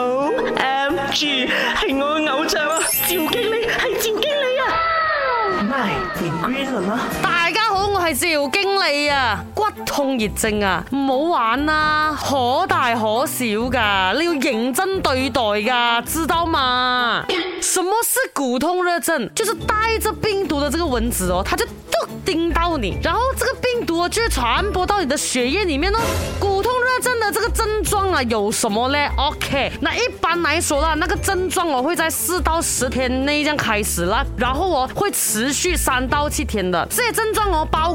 O M G，係我嘅偶像啊！趙經理係趙經理啊！咪你 green 啦！係趙經理啊，骨痛熱症啊，唔好玩啦，啊，可大可小噶，你要認真對待噶、啊，知道嗎？什麼是骨痛熱症？就是帶着病毒的這個蚊子哦，它就叮到你，然後這個病毒就傳播到你的血液裏面咯。骨痛熱症的這個症狀啊，有什麼呢？OK，那一般來說呢，那個症狀我會在四到十天內樣開始啦，然後我會持續三到七天的。這些症狀哦，包。